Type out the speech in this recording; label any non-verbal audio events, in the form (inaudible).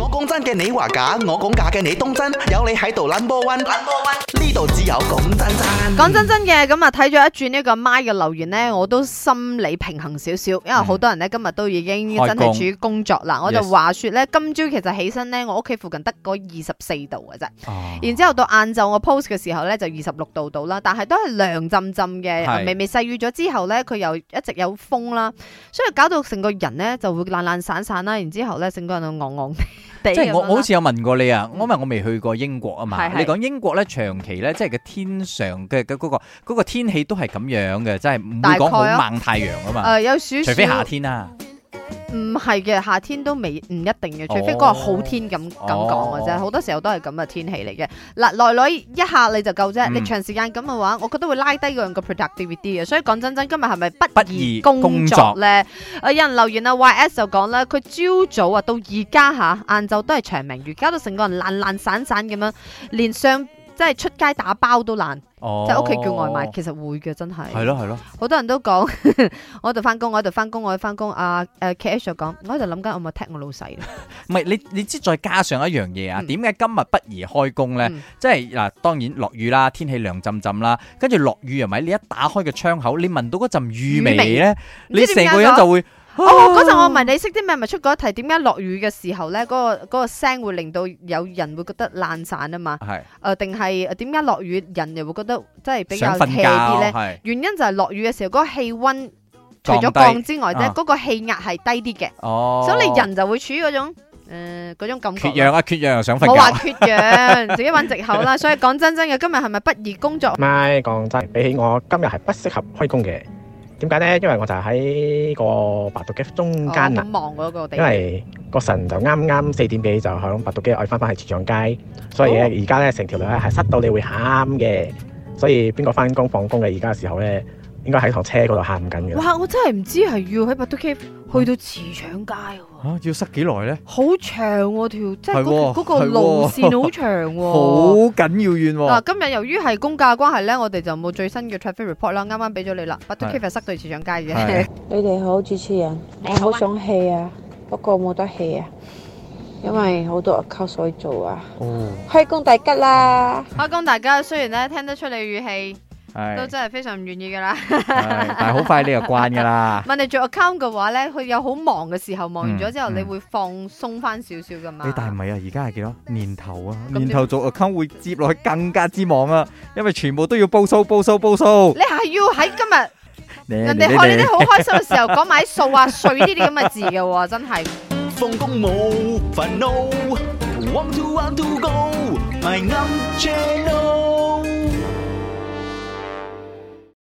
我講真嘅，你話假；我講假嘅，你當真。有你喺度 number one，number one。呢度只有講真、嗯、真。講真真嘅咁啊，睇咗一轉呢個麥嘅留言呢，我都心理平衡少少。因為好多人呢，今日都已經真係處於工作啦。工我就話說呢，Yes. 今朝其實起身呢，我屋企附近得嗰二十四度嘅啫。Oh. 然之後到晏晝我 post 嘅時候呢，就二十六度度啦，但係都係涼浸浸嘅，是微微細雨咗之後呢，佢又一直有風啦，所以搞到成個人呢就會懶懶散散啦，然之後咧成個人昂昂。即係我，我好似有問過你啊，嗯、因為我未去過英國啊嘛。是是你講英國咧，長期咧，即係個天上嘅嘅嗰個、嗰個天氣都係咁樣嘅，即係唔會講好猛太陽啊嘛。啊呃、有少少，除非夏天啊。唔係嘅，夏天都未唔一定嘅，除非嗰個好天咁咁講嘅啫。好多時候都係咁嘅天氣嚟嘅。嗱，來來一下你就夠啫，嗯、你長時間咁嘅話，我覺得會拉低個人嘅 productivity 嘅。所以講真真，今日係咪不宜工作呢工作、啊？有人留言啊，Y S 就講啦，佢朝早啊到而家嚇，晏晝都係長明，而家都成個人懶懶散散咁樣，連上。即係出街打包都難，即係屋企叫外賣其實的會嘅、哦，真係的。係咯係咯，好多人都講，我喺度翻工，我喺度翻工，我喺翻工。阿、啊、誒、啊、k h i 講，我喺度諗緊我咪踢我老細。 (laughs) 唔係你你知再加上一樣嘢啊？點解、嗯、今日不宜開工咧？嗯、即係嗱、啊，當然落雨啦，天氣涼浸浸啦，跟住落雨係咪？你一打開個窗口，你聞到嗰陣雨味咧，霉你成個人就會。哦，嗰陣我問你識啲咩，咪出嗰一題？點解落雨嘅時候咧，嗰個嗰個聲會令到有人會覺得懶散啊嘛？係，誒，定係點解落雨人又會覺得即係比較 hea 啲咧？原因就係落雨嘅時候嗰個氣溫除咗降之外咧，嗰個氣壓係低啲嘅。哦，所以你人就會處於嗰種誒嗰種感覺。缺氧啊，缺氧想瞓覺。我話缺氧，自己揾藉口啦。所以講真真嘅，今日係咪不宜工作？唔係，講真，比起我今日係不適合開工嘅。點解咧？因為我就喺個白度機中間啊、oh, 嗯，因為個神就啱啱四點幾就響白度機，我翻翻去市場街，所以咧而家咧成條路咧係塞到你會喊嘅，所以邊個翻工放工嘅而家嘅時候咧？應該喺台車嗰度喊緊嘅。哇！我真係唔知係要喺 Buttuck Cave 去到慈祥街喎。要塞幾耐咧？好長喎，條，即係嗰個路線好長喎。好緊要遠。嗱，今日由於係公價關係咧，我哋就冇最新嘅 Traffic Report 啦。啱啱俾咗你啦，Buttuck Cave 塞到慈祥街嘅。你哋好主持人，我好想氣啊，不過冇得氣啊，因為好多 account 所以做啊。開工大吉啦！開工大吉，雖然咧聽得出你語氣。都真係非常唔願意噶啦，但係好快你又慣噶啦。問你做 account 嘅話咧，佢有好忙嘅時候，忙完咗之後你會放鬆翻少少噶嘛？你但係唔係啊，而家係幾多年頭啊？年頭做 account 會接落去更加之忙啊，因為全部都要報數、報數、報數。你係要喺今日，人哋開你啲好開心嘅時候講埋啲數啊、稅呢啲咁嘅字嘅，真係。